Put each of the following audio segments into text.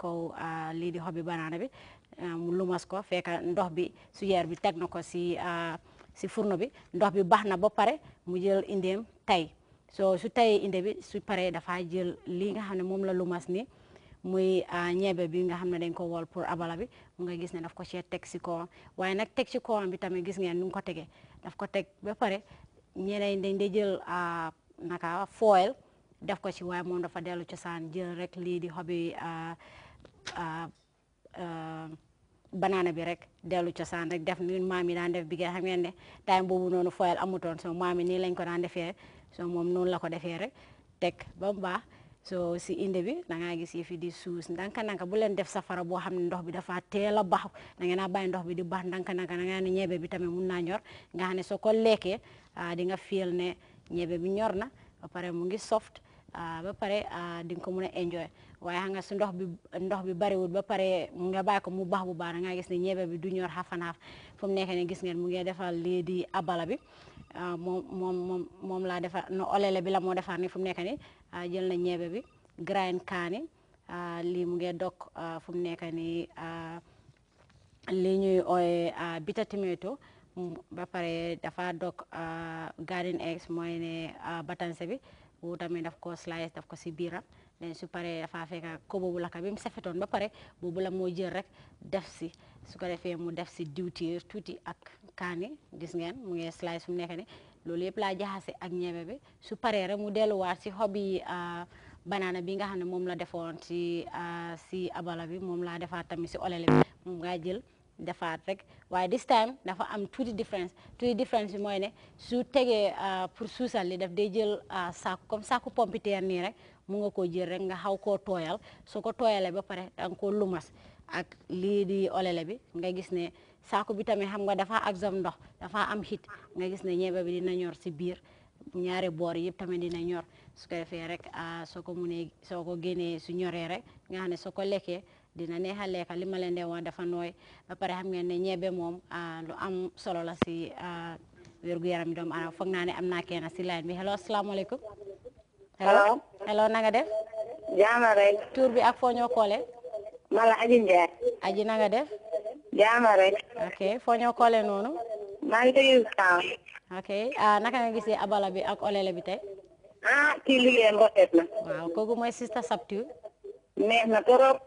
kaw ah, lii di xobi banaana bi ah, mu lumas ko fekk ndox bi su suyeer bi teg na ko si ah, si furno bi ndox bi baax na ba pare mu jël indeem tay so su tayee inde bi su pare dafa jël lii nga xam ne moom la lumas ni muy ñebe bi nga xam ne dañ ko wol pour abala bi nga gis ne daf ko cee teg si kawam waaye nag teg si kawam bi tamit gis ngeen nu ko tege daf ko teg ba pare ñeneen dañ day jël naka foil def ko ci waaye moom dafa dellu cosaan jël rek lii di xobi Uh, uh, banana bi rek dellu cosaan rek def ñun mami yi daan def bi nga xam time boobu foyal so mami ni lañ ko daan defé so mom non la ko defé rek tek ba so si inde bi da nga gis fi di sous ndanka ndanka bu len def safara bo xam ne ndox bi dafa teel bax da nga na bay ndox bi di bax ndanka ndanka da nga ni ñebbe bi tamé mun na ñor nga xane ne ko léké ah, di nga feel né ñebbe bi ñor na ba paré mu ngi soft Ah, ba pare ah, di nga ko mun a enjoy waaye xam nga su ndox bi ndox bi bariwul ba pare nga bàyyi ko mu bax bu baax nga gis ni ñebe bi du ñor xafanaaf fu mu nekk ne gis ngeen mu ngee defar lii di abala bi ah, moom laa defar no bi la moo defar ni mu nekk ni jël na bi grain kaani lii dog fu mu nekk ni lii ñuy ooye bita tomato mm, ba pare dafa dog garden eggs mooy ne batanse bi boobu tamit daf ko slice daf ko si biiram su paree dafa fekk laka bi mu safetoon ba pare boobu la moo jël rek def si su ko defee mu def si diwtiir tuuti ak kaani gis ngeen mu ngi slice fu mu neke ni loolu yëpp laa jaxase ak ñebe bi su paree rek mu delluwaat si xob yi ah, banaana bi nga xam ne moom la defoon si ah, si abala bi moom laa defaat tamit si olele bi moom jël. defaat rek waaye this time dafa am tuuti différence tuuti différence bi mooy ne su tegee ah, pour suusal li daf day jël ah, saaku comme saaku pompiteer nii rek mu nga koo jël rek nga xaw koo tooyal soo ko tooyalee ba pare danga koo mas ak lii di olele bi nga gis ne saaku bi tamit xam nga dafa absorb ndox dafa am hit nga gis ne ñebe bi dina ñor si biir ñaari boor yëpp tamit dina ñor su ko defee rek ah, soo ko mu munee soo ko génnee su ñoree rek nga xam soo ko lekkee dina neex a lekka li ma leen de wax dafa nooy ba pare xam ngeen ne ñebe moom ah, lu am solo la si ah, wérgu yaram doomu aadama foog naa ne am naa kenn si line bi hello asalaamaaleykum. hello hello na nga def. jaama rek. tur bi ak foo ñoo koole. mala aji Ndiaye. aji na def. jaama rek. ok foo ñoo koole noonu. maa ngi jógee Gouta. ok ah, naka nga gisee abala bi ak olele bi tey. ah kii liggéeyam rafet na. waaw kooku mooy sista Sabtu. neex na trop.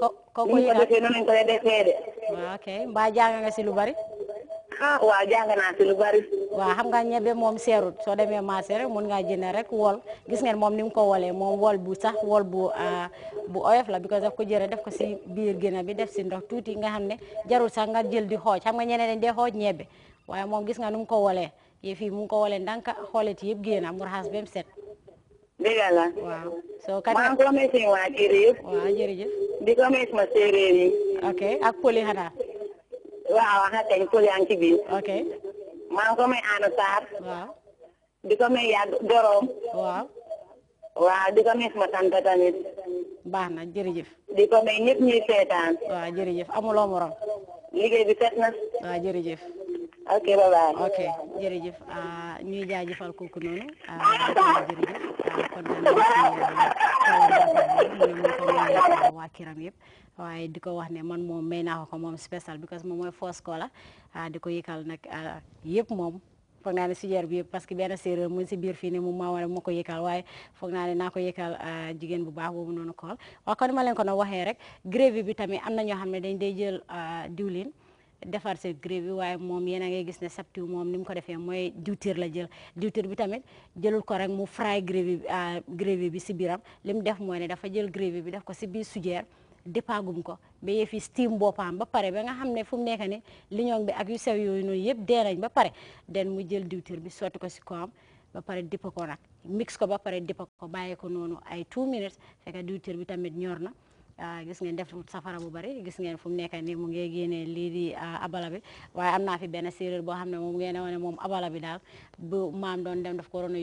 ko ko ko ñu ko defee mbaa jàng nga si lu bari. ah waaw jàng si lu bari. waaw xam nga ñebe moom seerut soo demee marché rek mun ngaa jënd rek wol gis ngeen moom ni mu ko wolee moom wol bu sax wol bu ah, bu oyof la because daf ko jëre def ko si biir gëna bi def si ndox tuuti nga xam ne jarul sax nga jël di xooj xam nga ñeneen dañ dee xooj ñebe waaye moom gis nga nu mu ko wolee yëf yi mu ngi ko wolee ndànk xoolit yëpp génn mu raxas ba mu set. dëgg la. waaw soo kat maa ko mees waa kër yëpp. waaw jërëjëf. di ko mees ma séeréer yi. ak poli xanaa. waaw xanaa kañ poli yaa ngi ci ko may Ana Sarr. waaw. di ko may yàgg Gorom. waaw. waaw di ko mees ma sant tamit. baax na jërëjëf. di ko may ñëpp ñuy seetaan. waaw jërëjëf amuloo morom. liggéey bi fet na. waaw jërëjëf. ok bye bye ok jërëjëf ah, ñuy jaajëfal kooku noonu ah, jërëjëf ah, kontaan waa kiram yëpp waaye di ko wax ne man moom may naa ko ko moom spécial because moom mooy first caller di ko yëkkal nag yëpp moom foog naa ne sujeer bi parce que benn séeréer mu si biir fii ne mu maa war ma ko yëkkal waaye foog naa ne naa ko yëkkal jigéen bu baax boobu noonu kool waaw kon ma leen ko no waxee rek grévi bi tamit am na ñoo xam ne dañ day jël diwlin defar sa gré bi waaye moom yéen a ngay gis ne sabtiw moom ni mu ko defee mooy diwtiir la jël diwtiir bi tamit jëlul ko rek mu fry grévi ah, grévi bi si biiram li mu def mooy ne dafa jël grévi bi def ko si biir sujeer dépaagum ko ba yëf yi steam boppam ba pare ba nga xam ne fu mu nekk ni liñoŋ bi ak yu sew yooyu noonu yëpp dee nañ ba pare den mu jël diwtiir bi sotti ko si kawam ba pare dipp ko nag mix ko ba pare dipp ko bàyyi ko noonu ay 2 minutes fekk diwtiir bi tamit ñor na Ah, gis ngeen def safara bu bari gis ngeen fu mu nekk nii mu ngi génnee ah, am naa fi benn séeréer boo xam ne moom ngeen ne moom abala bi daal bu maam doon dem daf ko waroon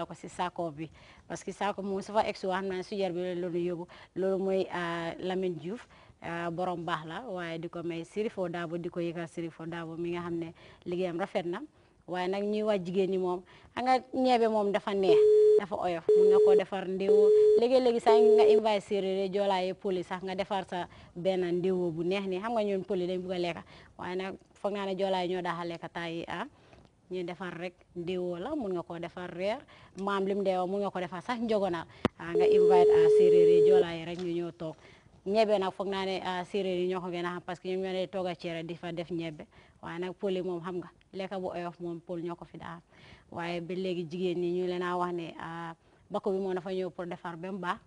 a ko si saako bi parce que saako moom su fa egg si wax na sujar bi loolu yóbbu loolu mooy ah, Lamine Diouf borom baax la waaye di ko may Sirifo Dabo di ko yëgal Sirifo Dabo mi nga xam ne liggéeyam rafet na waaye nag ñuy wax jigéen ñi moom xam nga ñebe dafa oyof mun nga koo defar ndiwu léegi sa sax nga invite séeréer joolaaye poli sax nga defar sa benn ndiwu bu neex ni xam nga ñun poli dañ bugg a lekka waaye nag foog naa ne joolaaye ñoo daax a lekka tayi ah ñu defar rek ndiwoo la mun nga koo defar reer maam lim deewoo mun nga ko defar sax njogonaal a ah, nga invite a ah, séeréer joolaaye rek ñu ñëw toog ñebe nag foog naa sere ah, séeréer yi ñoo ko gën a xam parce que ñoom ñoo dee tooga cere di fa def ñebe waaye nag pël yi moom xam nga lekka bu oyof moom pël ñoo ko fi daa am waaye ba léegi jigéen ñi ñu leen a wax ne ah, bakko bi moom dafa ñëw pour defar ba mu baax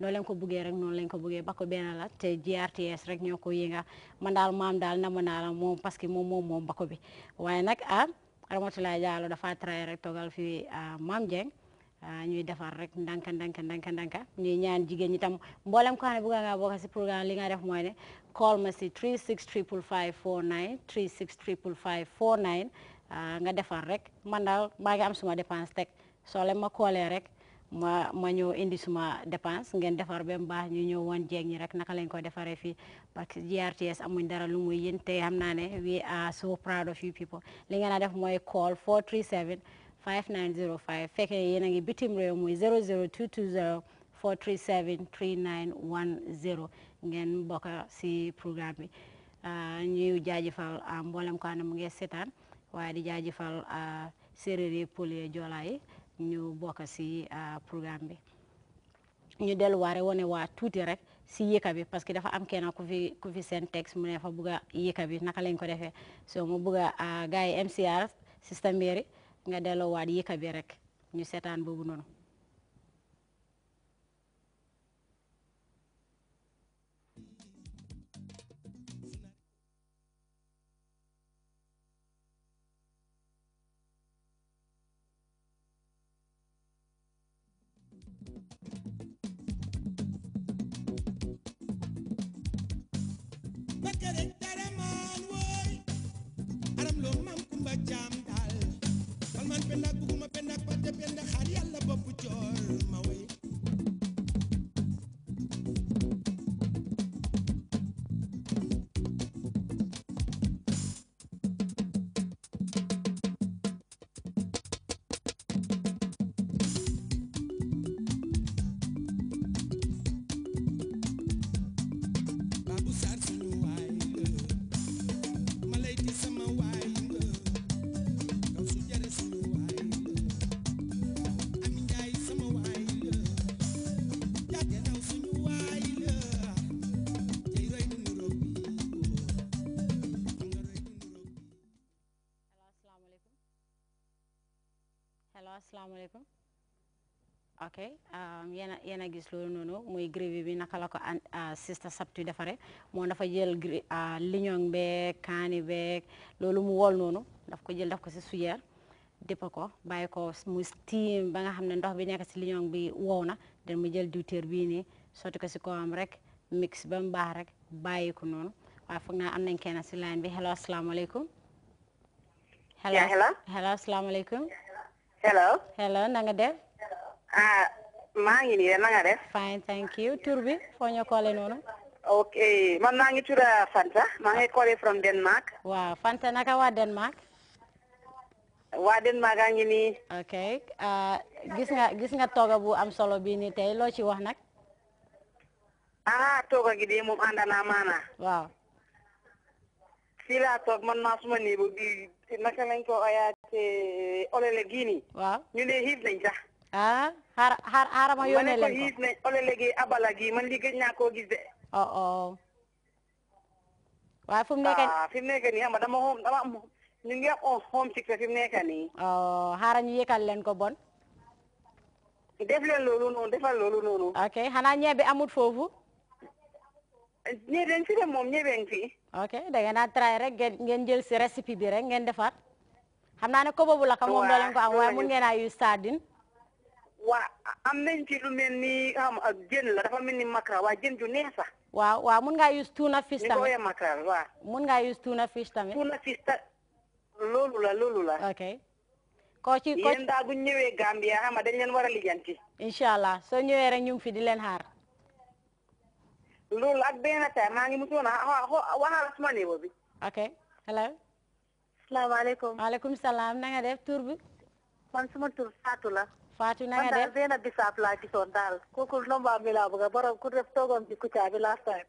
noo leen ko buggee rek noonu lañ ko buggee bakko benn la te GRTS rek ñoo ko yënga man daal maam daal na ma naa la moom parce que moom moom moom bakko bi waaye nag ah Ramatulaay Jaalo dafa tray rek toogal fi ah, maam Jeng Ah, ñuy defar rek ndanka ndanka ndanka ndanka ñuy ñaan jigéen ñi tam mboolem ko xam ne bëgg nga bokk si programme li nga def mooy ne call ma si 36 555 49 36 555 49 nga defar rek man daal maa am suma dépense teg soo leen ma koolee rek ma ma ñëw indi suma depanse ngeen defar ba mu baax ñu ñëw woon jeeg ñi rek naka lañ ko defaree fii parce que GRTS amuñ dara lu muy yéen te xam naa ne we are so proud o li ngeen a def mooy call 437 5905 fekkee yéen a ngi bitim réew muy 00220 437 3910 ngeen bokk si programme bi ah, ñuy jaajëfal ah, mboolem ko mu ngi seetaan waaye di jaajëfal ah, séeréer yi pël yi joola yi ñu bokk si programme bi ñu delluwaare wane waa tuuti rek si yëkka bi parce que dafa am kenn ku fi ku fi seen texte mu ne fa bugg a yëkka bi naka lañ ko defee so mu buga a gars yi MCR sista nga delo waat yëkka bi rek ñu seetaan boobu noonu allo asalaamaaleykum ok um, yéen a yéen a gis loolu noonu muy gravy bi na la ko uh, sista sabtu defaree moo dafa jël uh, liñoŋ beeg kaani beeg loolu mu wol noonu daf ko jël daf ko si suyeer dëpp ko bàyyi ko mu steam ba nga xam ne ndox bi nekk si liñoŋ bi wow na den mu jël diwteer bii nii sotti ko si kawam rek mix ba mu baax rek bàyyi ko noonu waaye foog naa am nañ kenn si line bi hello asalaamaaleykum. hello hello asalaamaaleykum. hello. hello nanga def. ah maa ngi nii na def. fine thank you Turbi, bi foo ñu koole noonu. Okay, man maa ngi Fanta maa ngi koole from Denmark. wow. Fanta naka wa Denmark. Wa Denmark a ngi Okay. Ah, gis nga gis nga toga bu am solo bii nii tey loo ci wax ah toga gi de moom ànd mana. maana. Wow. Sila laa man maa suma bu di naka lañ ko ayat Eh, olele gii nii. waaw ñu ne xiif nañ sax. ah xaaral xaaral ma yónnee leen ma ne ko xiif abala gi man lii gëj naa koo gis de. oh oh. waaye fu mu nekk nii ah dama xoom dama ñu ngi xoom xoom ci fi mu nekk oh xaaral ñu yëkkal leen ko bon. def leen loolu noonu defal loolu noonu. ok xanaa ñebe amut foofu. ñebe ngi fi de moom ñebe ok da ngeen a try rek ngeen jël si recipe bi rek ngeen defar. xam naa ne ko boobu la ka moom ko am waaye mun ngeen a use sardine waa am nañ ci lu mel ni xam ak la dafa mel ni makara waa jën ju neex sax waaw waaw mun ngaa use tuna fish tamit ni la loolu la ok koo ci yéen daal bu ñëwee Gambia xam nga dañ leen war a lijanti incha allah soo ñëwee rek ñu ngi fi di leen xaar loolu maa ngi hello asalaamaaleykum maaleykum salaam na nga def tur bi. man suma tur Fatou la. Fatou na nga def man daal Zeyna Bisaab laa gisoon daal kooku nomba mi laa bëgg a borom ku def toogoon bi Kouthia bi last time.